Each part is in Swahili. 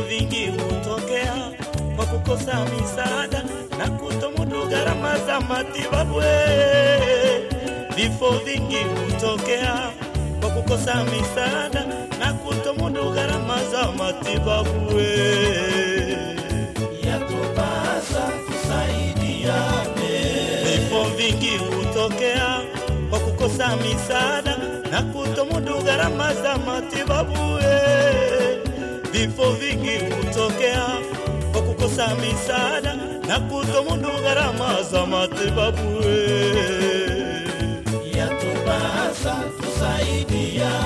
vingi hutokea kwa kukosa misaada na kutomudu gharama za matibabu. Vifo vingi hutokea kwa kukosa misaada na kutomudu gharama za matibabu. Yatupasa kusaidiane. Vifo vingi hutokea kwa kukosa misaada na kutomudu gharama za matibabu vifo vingi hutokea kwa kukosa misaada na kutomudu gharama za matibabu. Yatupasa tusaidia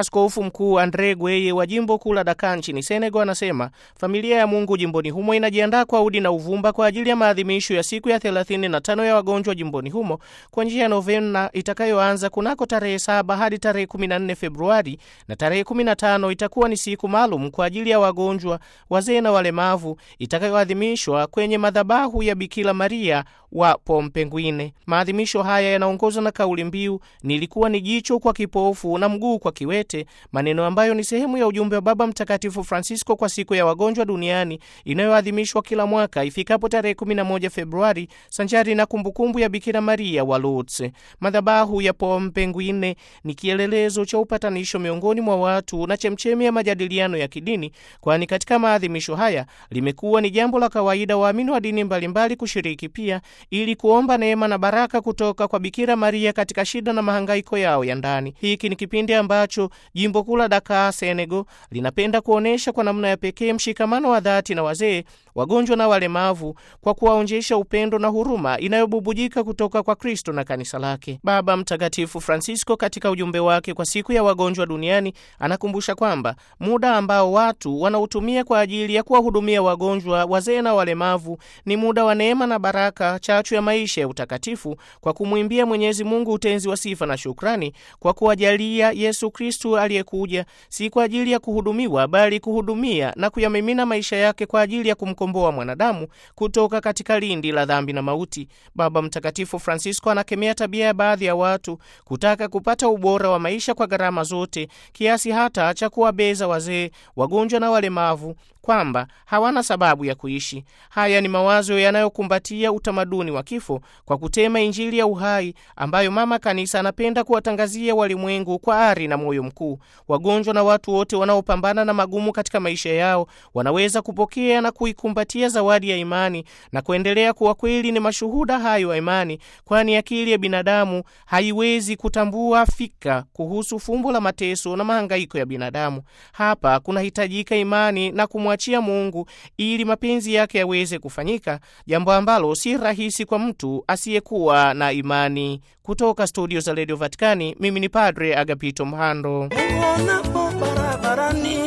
Askofu Mkuu Andre Gweye wa jimbo kuu la Daka nchini Senegal anasema familia ya Mungu jimboni humo inajiandaa kwa udi na uvumba kwa ajili ya maadhimisho ya siku ya 35 ya wagonjwa jimboni humo kwa njia ya novena itakayoanza kunako tarehe 7 hadi tarehe 14 Februari, na tarehe 15 itakuwa ni siku maalum kwa ajili ya wagonjwa, wazee na walemavu itakayoadhimishwa kwenye madhabahu ya Bikira Maria wa Pompenguine. Maadhimisho haya yanaongozwa na kauli mbiu nilikuwa ni jicho kwa kipofu na mguu kwa kiwete yote, maneno ambayo ni sehemu ya ujumbe wa Baba Mtakatifu Francisco kwa siku ya wagonjwa duniani inayoadhimishwa kila mwaka ifikapo tarehe 11 Februari, sanjari na kumbukumbu ya Bikira Maria wa Lourdes. Madhabahu ya Pompenguine ni kielelezo cha upatanisho miongoni mwa watu na chemchemi ya majadiliano ya kidini, kwani katika maadhimisho haya limekuwa ni jambo la kawaida waamini wa dini mbalimbali kushiriki pia ili kuomba neema na baraka kutoka kwa Bikira Maria katika shida na mahangaiko yao ya ndani. Hiki ni kipindi ambacho Jimbo kuu la Dakar, Senegal, linapenda kuonyesha kwa namna ya pekee mshikamano wa dhati na wazee wagonjwa na walemavu kwa kuwaonjesha upendo na huruma inayobubujika kutoka kwa Kristo na kanisa lake. Baba Mtakatifu Francisco katika ujumbe wake kwa siku ya wagonjwa duniani anakumbusha kwamba muda ambao watu wanautumia kwa ajili ya kuwahudumia wagonjwa, wazee na walemavu ni muda wa neema na baraka, chachu ya maisha ya utakatifu, kwa kumwimbia Mwenyezi Mungu utenzi wa sifa na shukrani kwa kuwajalia Yesu Kristu aliyekuja si kwa ajili ya kuhudumiwa, bali kuhudumia na kuyamimina maisha yake kwa ajili ya kumkomboa kumkomboa mwanadamu kutoka katika lindi la dhambi na mauti. Baba Mtakatifu Francisco anakemea tabia ya baadhi ya watu kutaka kupata ubora wa maisha kwa gharama zote, kiasi hata cha kuwabeza wazee, wagonjwa na walemavu kwamba hawana sababu ya kuishi. Haya ni mawazo yanayokumbatia utamaduni wa kifo kwa kutema Injili ya uhai ambayo mama kanisa anapenda kuwatangazia walimwengu kwa ari na moyo mkuu. Wagonjwa na watu wote wanaopambana na magumu katika maisha yao wanaweza kupokea na kuikumbatia zawadi ya imani na kuendelea kuwa kweli ni mashuhuda hayo ya imani, kwani akili ya binadamu haiwezi kutambua fika kuhusu fumbo la mateso na mahangaiko ya binadamu. Hapa kunahitajika imani na kumwa kumwachia Mungu ili mapenzi yake yaweze kufanyika, jambo ambalo si rahisi kwa mtu asiyekuwa na imani. Kutoka studio za redio Vatikani, mimi ni Padre Agapito Mhando. Uonapo barabarani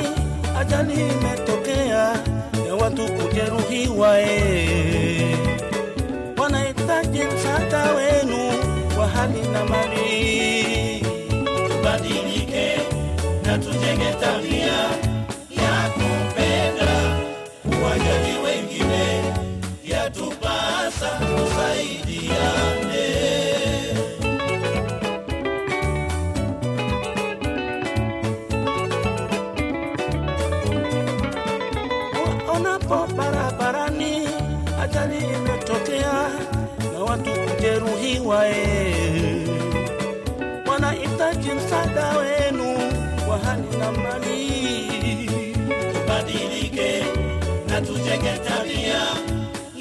ajali imetokea ya watu kujeruhiwa, wanahitaji msaada wenu wa hali na mali. Tubadilike na tujenge tabia tujenge tabia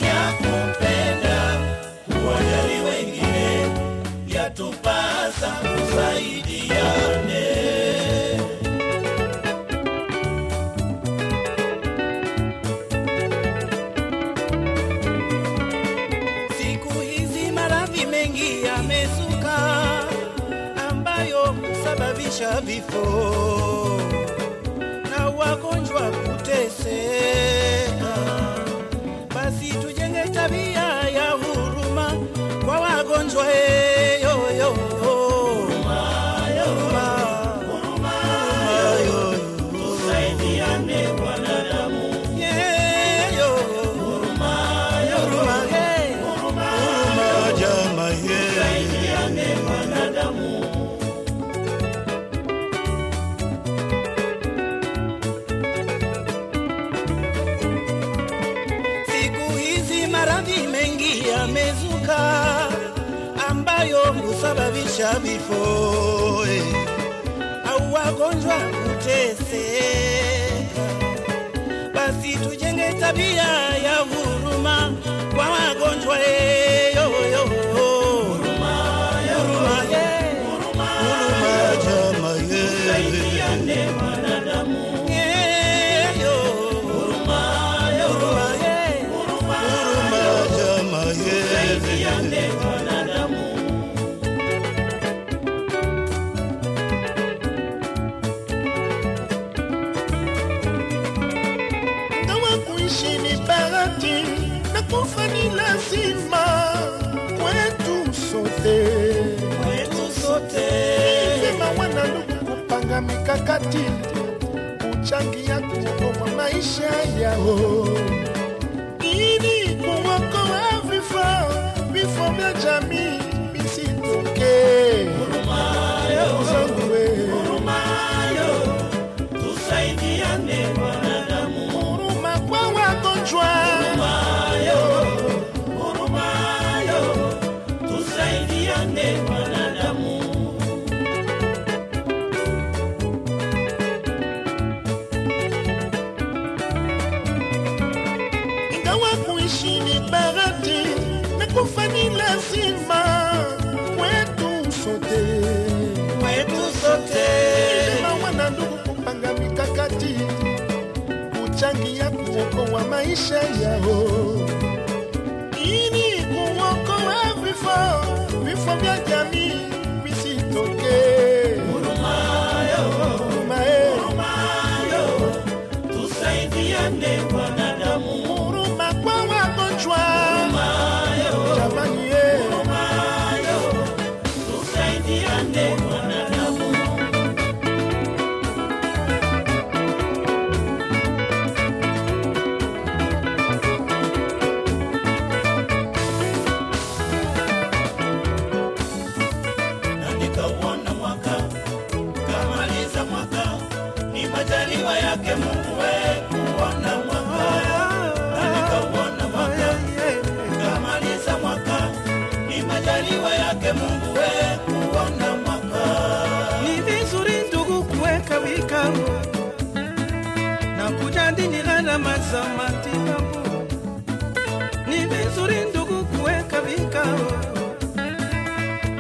ya kupenda, kuwajali wengine, yatupasa kusaidiane. Siku hizi maradhi mengi yamezuka, ambayo husababisha vifo na wagonjwa kuteseka tabia ya huruma kwa wagonjwa. cha before au wagonjwa kuteseka, basi tujenge tabia ya huruma kwa wagonjwa yeyoyo kupanga mikakati ndio kuchangia kuokoa maisha yao ili kuokoa vifo vifo vya jamii kufa ni lazima kwetu sote, kwetu sote, mawana ndugu, kupanga mikakati kuchangia kuokoa maisha yao, ili kuokoa vifo vifo vya jamii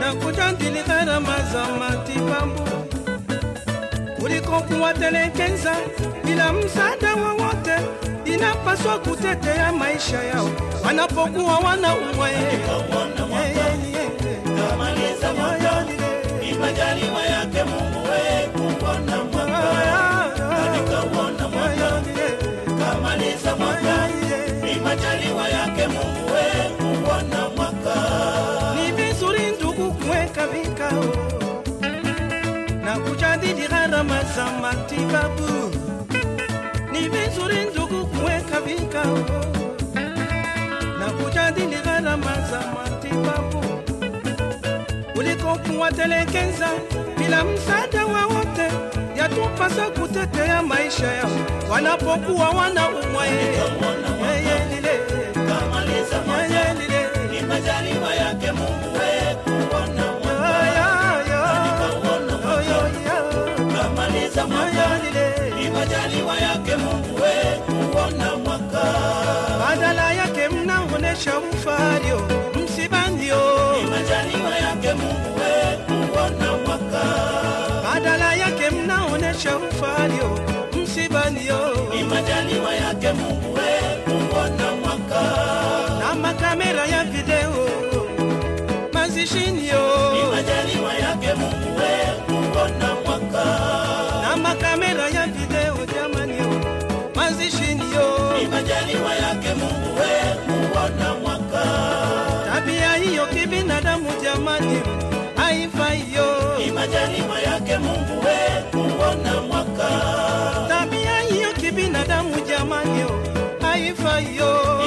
nakuta ndiligharama za matibabu kuliko kuwatelekeza bila msaada wowote inapaswa kutetea maisha yao wanapokuwa wanaumwa majaliwa yake Mungu wewe kuona mwaka, nikauona mwaka, kamaliza mwaka za matibabu. Ni vizuri ndugu kuweka vikao na kujadili gharama za matibabu kuliko kuwatelekeza bila msaada wowote. Yatupasa kutetea maisha yao wanapokuwa wanaumwa yeye mshufario, msibandio, majaliwa yake Mungu wetu kuona mwaka, badala yake mnaonesha ufario, msibandio, majaliwa yake majaliwa yake Mungu we kuona mwaka. Tabia hiyo kibinadamu jamani, oh, haifayo